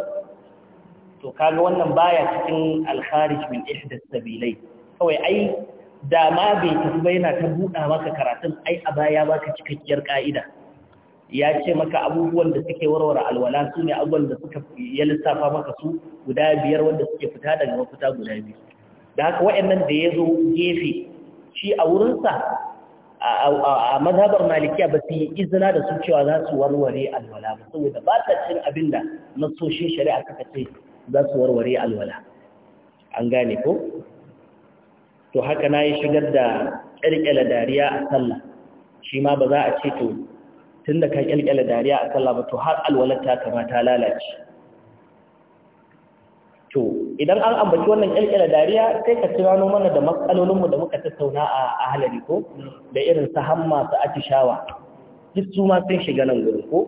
to kaga wannan baya cikin alkharij min ihdath sabilai kawai ai da ma bai tafi ba yana ta buɗa maka karatun ai a baya baka cikakkiyar ka'ida ya ce maka abubuwan da suke warware alwala su ne abubuwan da suka ya lissafa maka su guda biyar wanda suke fita daga mafita guda biyu da haka waɗannan da ya zo gefe shi a wurinsa a mazhabar malikiya ba su yi izina da su cewa za su warware alwala ba saboda ba ta cin abin da nasoshin shari'a suka ce za su warware alwala an gane ko to haka na yi shigar da ƙyalƙyala dariya a sallah shi ma ba za a ce to tun da ka ƙyalƙyala dariya a sallah ba to har alwalarta kama ta lalace to idan an ambaci wannan ƙyalƙyala dariya sai ka tunano mana da matsalolinmu da muka tattauna a halari ko da irin su hamma su atishawa duk su ma sun shiga nan gurin ko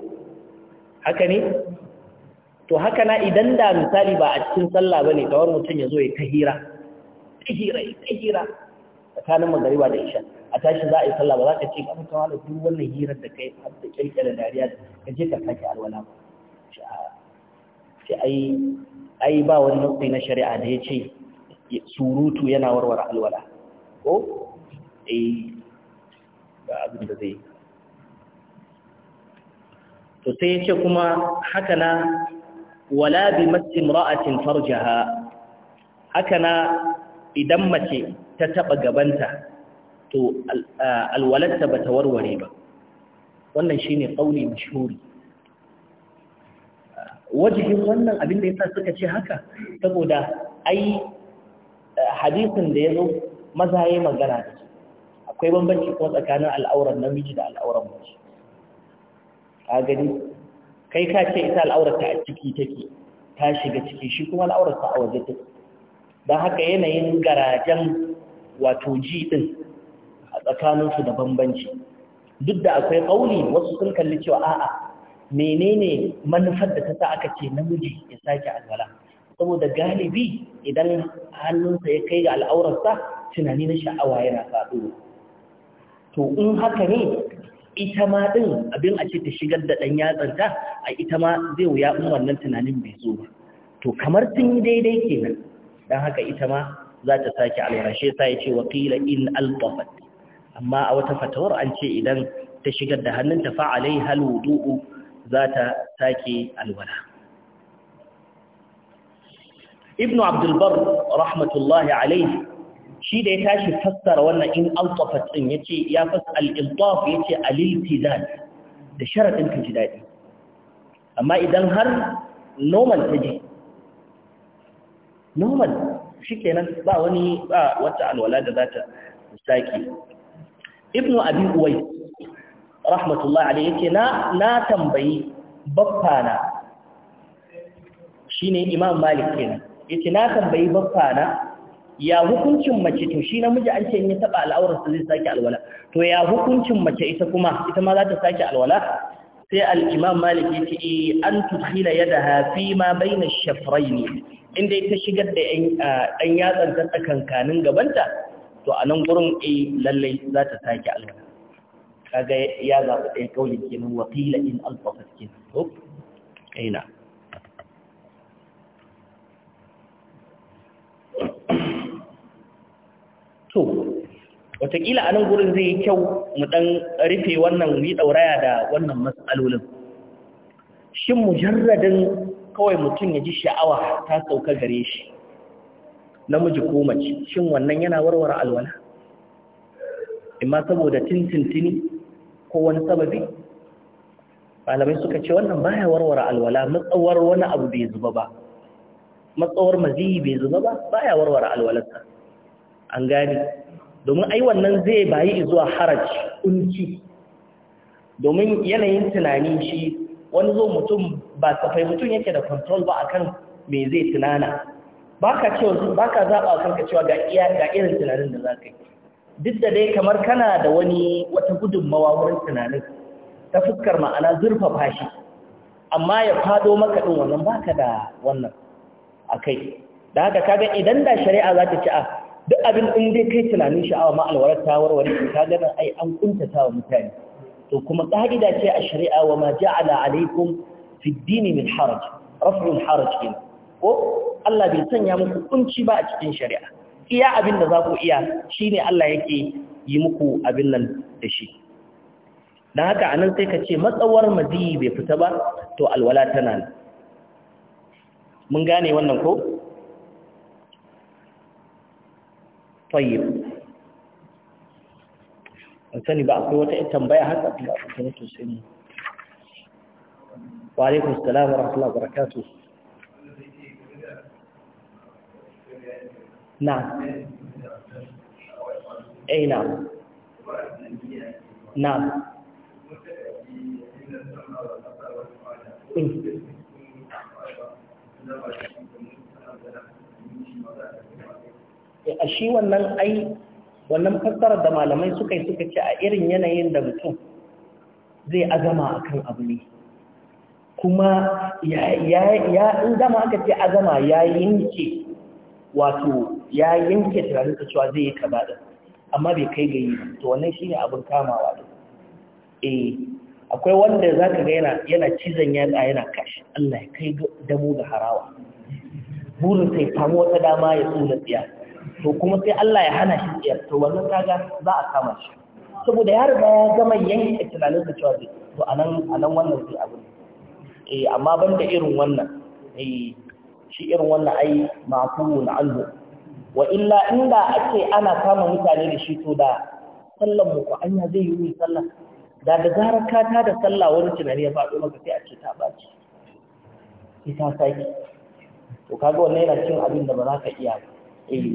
haka ne to haka na idan da misali ba a cikin sallah ba ne kawar mutum ya zo ya ta hira ta hira ta hira tsakanin magariba da isha a tashi za a yi sallah ba za ka ce ka fita wani duk wannan hirar da kai har da kirkira dariya ka je ka sake alwala ba ce ai ai ba wani nufi na shari'a da ya ce surutu yana warware alwala ko eh ga abin da zai to sai ya ce kuma haka na wala bi mas'imra'atin farjaha haka na idan mace ta taɓa gabanta to alwalatta ba ta warware ba wannan shi ne ƙauli mashuri wajihin wannan abin da ya sa suka ce haka saboda ai hadisin da ya zo maza ya magana da su akwai bambanci kuma tsakanin al'auran namiji da al'auran mace a gani kai ka ce ita al'aurar a ciki take ta shiga ciki shi kuma al'aurar a waje take don haka yanayin garajen wato ji ɗin a tsakaninsu da bambanci duk da akwai ƙauli wasu sun kalli cewa a'a menene manufar da ta sa aka ce namiji ya sake alwala saboda galibi idan hannunsa ya kai ga al'aurarsa tunani na sha'awa yana faɗo to in haka ne ita ma ɗin abin a ce ta shigar da ɗan yatsarta a ita ma zai wuya in wannan tunanin bai zo ba to kamar sun yi daidai kenan Idan haka ita ma za ta sake alwarashe shi yasa yace wa in alqafat amma a wata fatawar an ce idan ta shigar da hannunta fa alaiha alwudu za ta sake alwara. ibnu Abdulbar, rahmatullahi alaihi shi da ya tashi fassara wannan in alqafat din yace ya fas al ya yace al-iltizam da sharadin ta ji daɗi amma idan har normal ta ji normal shikenan ba wani ba wata alwala da za ta saki ibnu abi uwai rahmatullah alayhi yake na na tambayi baffana shine imam malik kenan yake na tambayi baffana ya hukuncin mace to shi namiji an ce in ya taba al'aurarsa zai saki alwala to ya hukuncin mace ita kuma ita ma za ta saki alwala sai al-imam malik yake eh, an tudkhila yadaha fi ma bayna ash-shafrayn inda ta shigar da ah, ɗan yatsan ta tsakankanin gabanta to a nan gurin a eh, lallai za ta sake alwala kaga ya zaɓi ɗaya ƙauli kenan wakila in alfafat kenan eh, to aina to watakila a nan gurin zai yi kyau mu ɗan rufe wannan yi ɗauraya da wannan matsalolin shin mujarradin kawai mutum ya ji sha'awa ta sauka gare shi namiji ko mace shin wannan yana warware alwala amma saboda tintintini ko wani sababi malamai suka ce wannan baya warware alwala matsawar wani abu bai zuba ba matsawar mazihi bai zuba ba baya warware alwalarsa an gani domin ai wannan zai bayi zuwa haraji kunci domin yanayin tunani shi wani zo mutum ba safai mutum yake da control ba akan me zai tunana baka cewa baka zaba kanka cewa ga iya ga irin tunanin da zaka yi duk da dai kamar kana da wani wata gudunmawa wurin tunanin ta fuskar ma'ana zurfafa shi amma ya fado maka din wannan baka da wannan akai da haka kaga idan da shari'a za ta ci a ah, duk abin in dai kai tunanin sha'awa ma alwarar ta warware ka ga ai an kuntata wa mutane to kuma ƙa'ida ce a shari'a wa ma ja'ala alaikum fi dini min haraj raf'ul haraj din ko Allah bai sanya muku kunci ba a cikin shari'a iya abin da za ku iya shine Allah yake yi muku abin nan da shi dan haka anan sai ka ce matsawar madiyi bai fita ba to alwala tana nan mun gane wannan ko tayyib in sani ba akwai wata ita tambaya haka ba a kusa mutu sai mu wa alaikun salamu rahmatullahi wa barakatu na eh na na a shi wannan ai wannan fassara da malamai suka yi suka ce a irin yanayin da mutum zai azama akan abu ne kuma ya in dama aka ce azama ya yanke wato ya yanke tunanin ta cewa zai yi kaza amma bai kai ga yi to wannan shine abin kamawa da eh akwai wanda zaka ga yana yana cizon yatsa yana kashi Allah ya kai damo ga harawa burin sai samu wata dama ya tsula tsiya to kuma sai Allah ya hana shi tsiyar to wannan kaga za a kama shi saboda ya riga ya gama yanke tunanin sa cewa to anan anan wannan sai abu eh amma banda irin wannan eh shi irin wannan ai ma'fuun anhu wa illa inda ake ana kama mutane da shi to da sallan mu ko anya zai yi ni sallah da da zarar ka ta da sallah wani tunani ya faɗo maka sai a ce ta baci sai ta saki to kaga wannan yana cin abin da ba za ka iya ba eh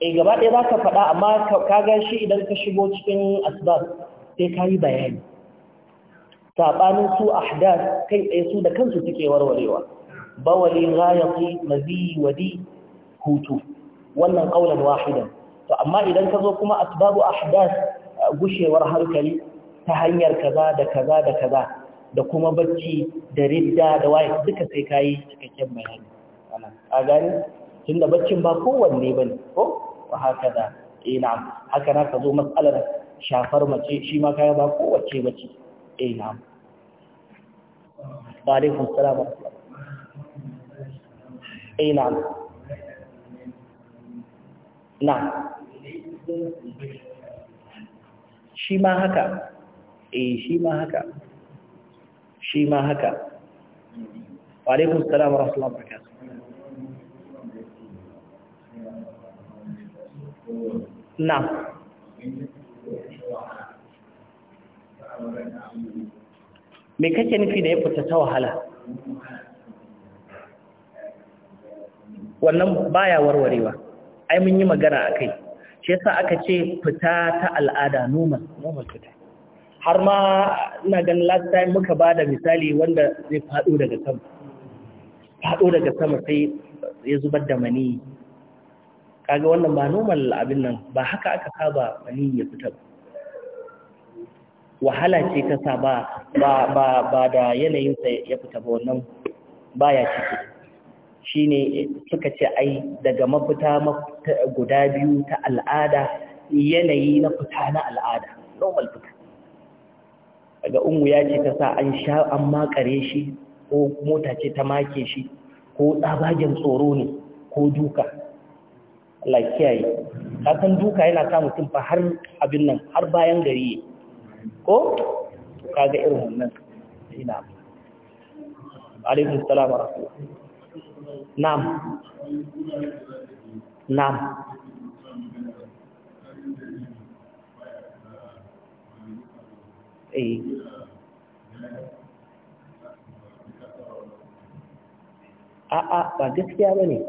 eh gaba ɗaya za ka faɗa amma ka gan shi idan ka shigo cikin asbab sai ka yi bayani saɓanin su ahdas kai ɗaya su da kansu suke warwarewa bawali ghayati mazi wadi hutu wannan kaulan wahidan to amma idan ka zo kuma asbabu ahdath gushewar hankali ta hanyar kaza da kaza da kaza da kuma bacci da ridda da waye duka sai kai cikakken bayani ana a gani tunda baccin ba kowanne bane ko wa haka da eh na'am haka na ka zo mas'alar shafar mace shi ma kai ba kowace bace eh na'am wa alaikum assalam اي نعم نعم شي ما هكا اي شي ما هكا شي ما هكا وعليكم السلام ورحمه الله وبركاته نعم me kake nufi da ya wannan baya warwarewa ai mun yi magana akai shi yasa aka ce fita ta al'ada normal normal fita har ma ina ganin last time muka bada misali wanda zai fado daga sama fado daga sama sai ya zubar da mani kaga wannan ba noman abin nan ba haka aka saba mani ya fita wahala ce ta saba ba ba ba da yanayinsa ya fita ba wannan baya ciki shine suka ce ai daga mafita guda biyu ta al'ada yanayi na fita na al'ada normal fita daga ungu ya ce ta sa an sha an makare shi ko mota ce ta make shi ko tsabagen tsoro ne ko duka lakiyayi kasan duka yana sa mutum fa har abin nan har bayan gari ko kaga irin wannan ina alaikum salam wa rahmatullahi na'am na'am eh a'a ba gaskiya bane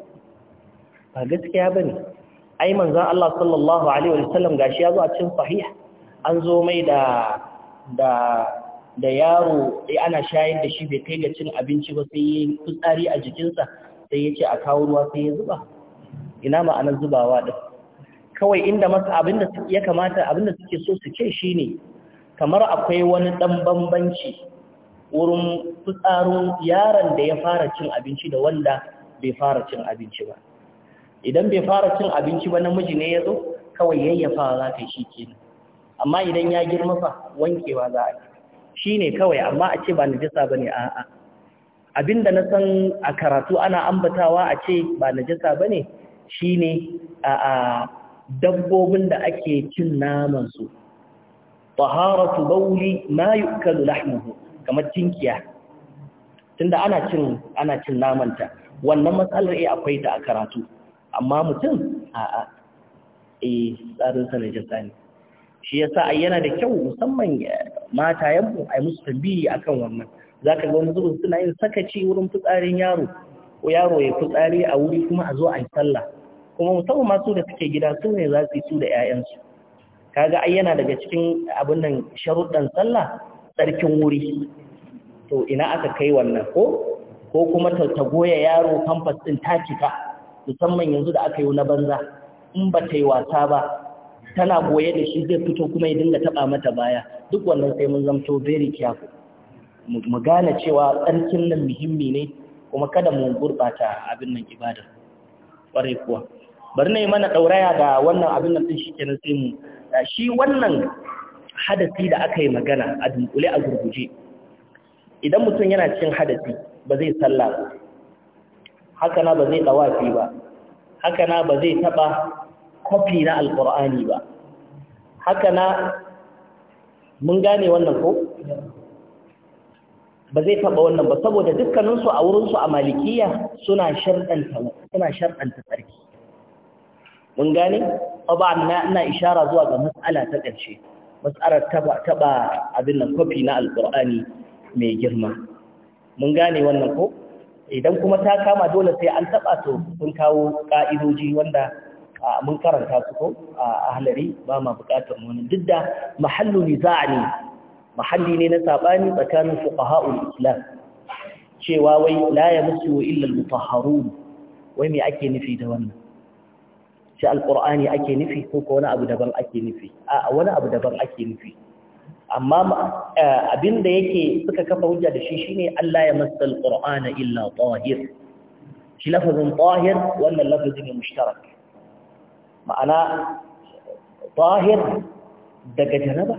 ba gaskiya bane ai manzon Allah sallallahu alaihi sallam gashi zo a cikin sahih an zo mai da da da yaro eh, ana shayar da shi bai kai ga cin abinci ba sai fitsari a jikinsa sai ya ce a kawo ruwa sai ya zuba ina ma'anar zubawa ɗin kawai inda masu abinda ya kamata abinda suke so su ce shi ne kamar akwai wani ɗan bambanci wurin fitsarin yaron da ya fara cin abinci da wanda bai fara cin abinci ba idan bai fara cin abinci ba namiji ne ya zo kawai yayyafa za ka shi kenan amma idan ya girma fa wankewa za a yi shi ne kawai amma a ce ba najasa ba ne a'a Abin da na san a karatu ana ambatawa a ce ba najasa shi ne, a dabbobin da ake cin naman su taharatu bawli ma yu'kalu lahmuhu kamar tinkiya tunda ana cin ana cin namanta wannan matsalar eh akwai ta a karatu amma mutum a a eh tsarin sa najasa ne shi yasa ai yana da kyau musamman eh, mata mu ai musu tambayi akan wannan za ka ga wani zuwa suna yin sakaci wurin fitsarin yaro ko yaro ya fitsari a wuri kuma a zo a yi sallah kuma musamman masu da suke gida su ne za su yi su da 'ya'yansu kaga ai yana daga cikin abin nan sharuɗan sallah tsarkin wuri to ina aka kai wannan ko ko kuma ta goya yaro kamfas ɗin ta cika musamman yanzu da aka yi na banza in ba ta yi wasa ba tana goye da shi zai fito kuma ya dinga taɓa mata baya duk wannan sai mun zamto very careful mu gane cewa tsarkin nan muhimmi ne kuma kada mu gurɓata abin nan ibadar ƙwarai kuwa bari na yi mana ɗauraya da wannan abin nan ɗin shi kenan sai mu shi wannan hadasi da aka yi magana a dunkule a gurguje idan mutum yana cikin hadasi ba zai salla ba haka na ba zai ɗawafi ba haka na ba zai taɓa kofi na alƙur'ani ba haka na mun gane wannan ko ba zai taɓa wannan ba saboda dukkaninsu a wurinsu a malikiya suna sharɗanta tsarki mun gane ba na ina ishara zuwa ga matsala ta ƙarshe matsalar taɓa abin nan kwafi na alƙur'ani mai girma mun gane wannan ko idan kuma ta kama dole sai an taɓa to sun kawo ƙa'idoji wanda mun karanta su ko a halari ba ma buƙatar wani duk da mahallu niza ne mahalli ne na saɓani tsakanin fuqaha'ul islam cewa wai la yamsu illa al-mutahharun wai me ake nufi da wannan shi alqur'ani ake nufi ko ko wani abu daban ake nufi a wani abu daban ake nufi amma eh, abinda yake suka kafa hujja da shi shine Allah ya masal qur'ana illa tahir shi lafazin tahir wannan lafazin ne mushtarak ma'ana tahir daga janaba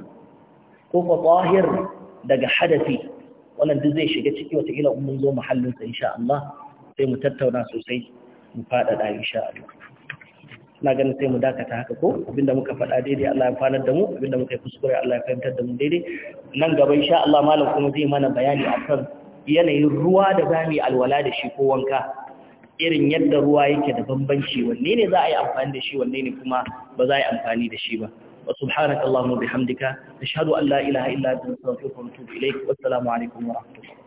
ko ko zahir daga hadafi wannan duk zai shiga ciki wata ila mun zo muhallin sa insha Allah sai mu tattauna sosai mu fada da insha Allah ina ganin sai mu dakata haka ko abinda muka faɗa daidai Allah ya fanar da mu abinda muka yi kuskure Allah ya fahimtar da mu daidai nan gaba insha Allah malam kuma zai mana bayani akan yanayin ruwa da zamu alwala da shi ko wanka irin yadda ruwa yake da bambanci wanne ne za a yi amfani da shi wanne ne kuma ba za a yi amfani da shi ba وسبحانك اللهم وبحمدك نشهد أن لا إله إلا أنت نستغفرك ونتوب إليك والسلام عليكم ورحمة الله